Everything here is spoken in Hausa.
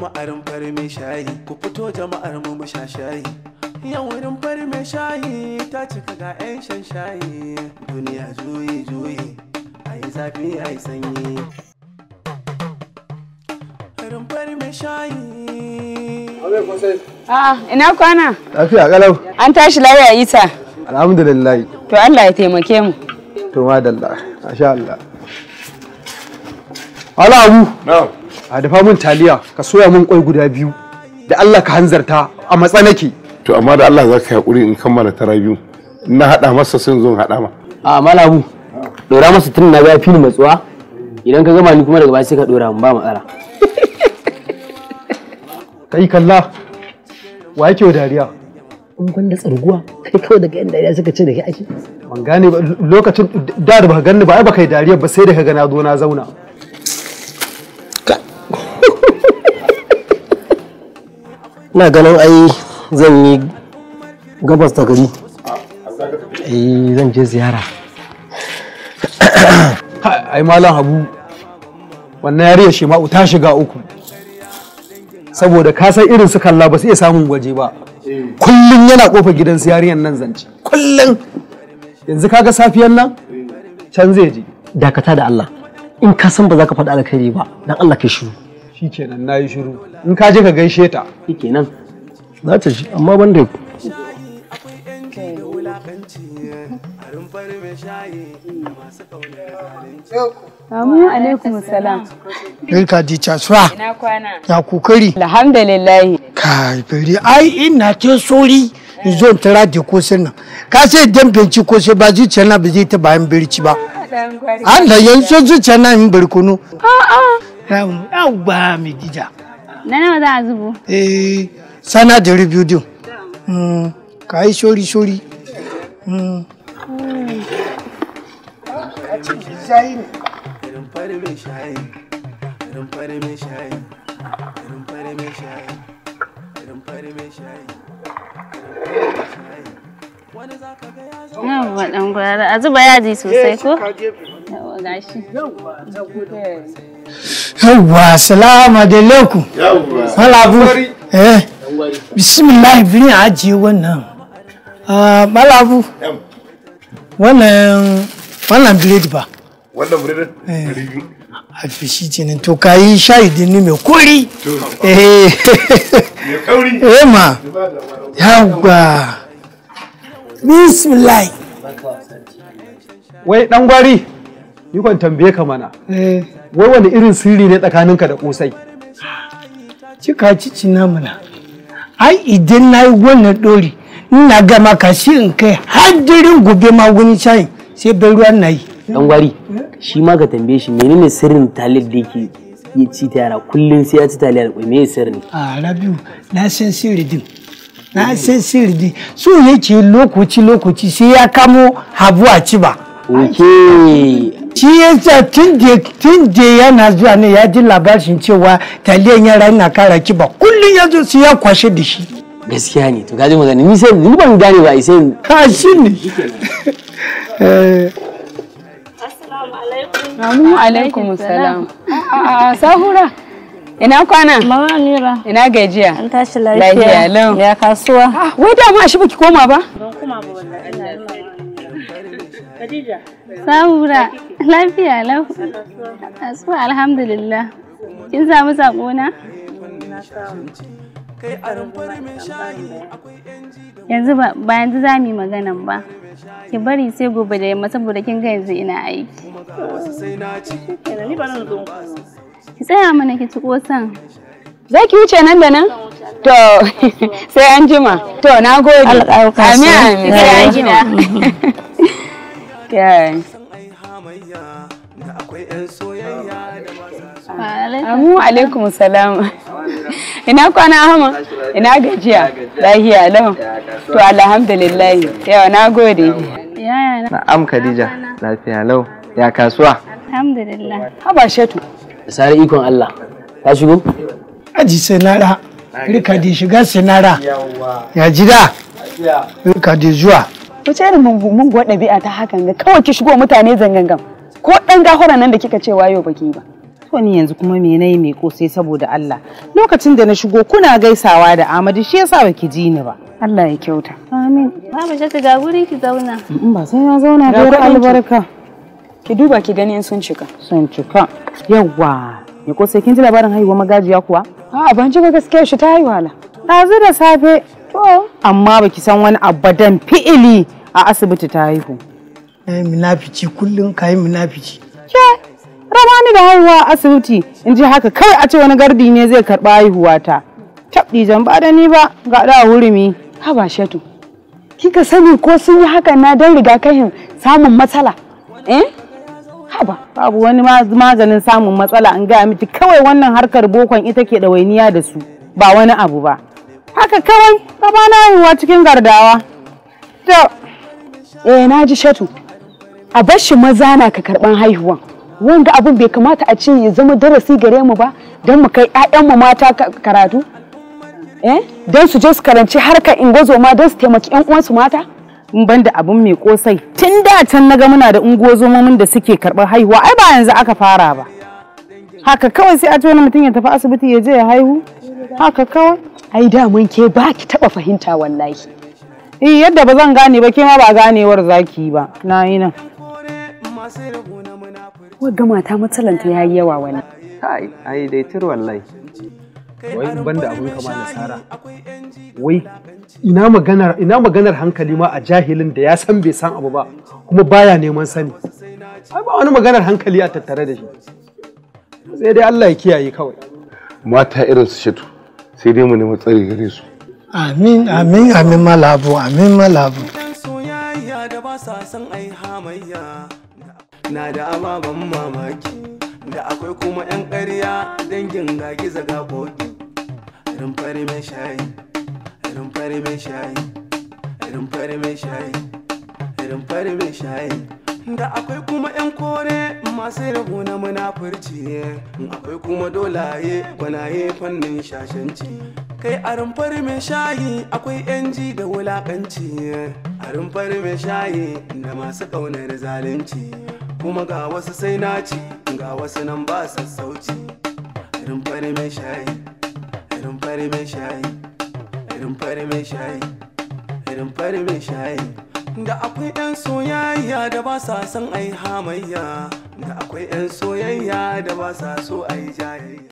ma'arin fari mai shayi ku fito jama'ar mu mu shayi yau wurin mai shayi ta cika ga 'yan shan shayi duniya juyi juyi a yi zafi a yi sanyi rumfar mai shayi. Ah, ina kwana? Lafiya kalau. An tashi lafiya Isa. Alhamdulillah. To Allah ya taimake mu. To madalla, masha Allah. Ala Abu. Na'am. A dafa min taliya, ka soya min kwai guda biyu. Da Allah ka hanzarta a matsa nake. To amma da Allah za ka haƙuri in kammala tara biyu. Na hada masa sun zo haɗa ma. A malamu. Dora masa tun na ga fili matsuwa. Idan ka gama ni kuma daga baya sai ka dora mun ba matsala. kai kalla wa yake dariya in ban da tsarguwa kai kawai daga yan dariya suka ce da kai ake ban gane ba lokacin da da baka ganni ba ai baka yi dariya ba sai da ka na zo na zauna ina ganin ai zan yi gabas da gari eh zan je ziyara ai malam habu wannan yariyar shema'u ta shiga uku saboda ka san irin su kalla ba su iya samun waje ba kullum yana kofa gidan su yariyan nan zance kullum yanzu kaga safiyan nan can zai je dakata da Allah in ka san ba za ka faɗi alkhairi ba dan Allah kai shiru shikenan nayi shiru in ka je ka gaishe ta shikenan za ta shi amma ban da rumfar mai alaikum salam. Barka di casuwa. Ina kwana. Ya kokari. Alhamdulillah. Kai bari ai ina ce sori. zo in tara da kosin nan ka sai idan benci kosi ba zuciyar na ba zai ta bayan birci ba ah, an da yanzu zuciyar na yin barkono a'a ba mai gija na nawa za a zubo eh sana da rubutu hmm, ka yi sori shori hmm. shayi ne irin fari mai shayi irin fari mai shayi irin fari mai shayi irin fari mai shayi wani za ka ga ya zama yawa dan gwara a zuba yaji sosai ko yawa salamu alaikum yawa eh, bismillah ajiye wannan ah, malabu wannan blade ba wannan muririn eh. hafi shi ce ne to ka yi shahidin ne mai kori eh. eh ma yawwa bismillah wai dan gwari ni kwan tambaye ka mana eh. wai wani irin sirri ne tsakaninka da kosai cika cici na mana ai idan na yi wannan dori ina gama kashi in kai hadirin gobe magunin shayin sai bai ruwan na yi dan gwari shi ma ka tambaye shi menene sirrin talib da yake ya ci ta yara kullum sai ya ci taliya da kwai me sirrin a rabiu na san sirri din na san sirri din so yake lokaci lokaci sai ya kamo habu a ci ba oke. shi yasa tun da yana zuwa ne ya ji labarin cewa taliyan yara yana kara kiba kullum ya zo su ya kwashe da shi gaskiya ne to gaji magana ni sai ni ban gane ba sai ka shi ne alaikum sahura. Ina kwana? Mama Amira. Ina gajiya? An tashi lafiya. Lafiya lau. Ya kasuwa. Ah, wai da mu a shi baki koma ba? Ban koma ba wallahi. Khadija. Sahura. Lafiya lau. Kasuwa alhamdulillah. Kin samu sako na? Yanzu ba yanzu za mu yi maganan ba. ki bari sai gobe da yamma saboda kin ga yanzu ina aiki ki tsaya mana ki tuko san za ki wuce nan da nan to sai an jima to na gode amin amin sai Amu alaikum salam. Ina kwana hama? Ina gajiya? Lahiya lau. To alhamdulillah yau na gode. Na'am Khadija lafiya lau ya kasuwa. Alhamdulillah. Haba shatu. Sare ikon Allah. Ka shigo? Aji sinara. Rika di shiga sinara. Ya jira. Rika di zuwa. Wace irin mungo ɗabi'a ta hakan ga kawai ki shigo mutane zangangan. Ko ɗan gahoran nan da kika ce wayo baki ba. to ni yanzu kuma me nayi me kosai saboda Allah lokacin da na shigo kuna gaisawa da Amadu shi yasa baki ji ni ba Allah ya kyauta amin mu shata ga guri ki zauna in ba sai na zauna da albarka ki duba ki gani in sun cika sun cika yawa me kosai kin ji labarin haihuwa magajiya kuwa a'a ban ji ba gaskiya shi ta haihuwa la ɗazu da safe to amma baki san wani abadan fi'ili a asibiti ta haihu na yi munafici kullum ka yi fici. ke ramani da haihuwa asibiti in ji haka kawai a ce wani gardi ne zai karɓa haihuwata tabdi jan ba da ni ba ga da hurumi ba shatu kika sani ko sun yi haka na dan rigakafin samun matsala eh ba babu wani maganin samun matsala an ga miki kawai wannan harkar bokon ita ke ɗawainiya da su ba wani abu ba haka kawai raba na haihuwa cikin gardawa to eh na ji shatu a bar shi maza na ka karban haihuwa. wanga abun bai kamata a ce ya zama darasi gare mu ba don mu kai 'ya'yanmu mata karatu eh don su je su karanci harkar ingozo ma don su taimaki 'yan uwansu mata in ban da abun mai kosai tun da can ga muna da ungozomomin da suke karɓar haihuwa ai ba yanzu aka fara ba haka kawai sai a ce wani mutum ya tafi asibiti ya je ya haihu haka kawai ai da mun ke ba ki taɓa fahimta wallahi eh yadda ba zan gane ba ke ma ba ganewar zaki ba na yi nan wadda mata matsalanta ya yi yawa wani. Kai, ai dai tur wallahi. Wai ban da abin kama nasara Wai ina maganar ina maganar hankali ma a jahilin da ya san bai san abu ba kuma baya neman sani. Ai ba wani maganar hankali a tattare da shi. Sai dai Allah ya kiyaye kawai. Mata irin su shatu sai dai mu nemi tsari gare su. Amin, amin, amin malabu, amin malabu. soyayya da ba sa ai hamayya. na da ababen mamaki da akwai kuma 'yan ƙarya dangin gagi zaga bogi fari mai shayi fari mai shayi fari mai shayi fari mai shayi da akwai kuma 'yan kore masu rabu na munafurci akwai kuma dolaye gwanaye fannin shashanci kai a rumfar mai shayi akwai 'yan ji da wulakanci a rumfar mai shayi da masu ƙaunar zalunci kuma ga wasu sai na ci ga wasu nan ba sassauci irin fari mai shayi irin fari mai shayi irin fari mai shayi irin fari mai shayi da akwai yan soyayya da ba sa son ai hamayya da akwai yan soyayya da ba sa so ai jayayya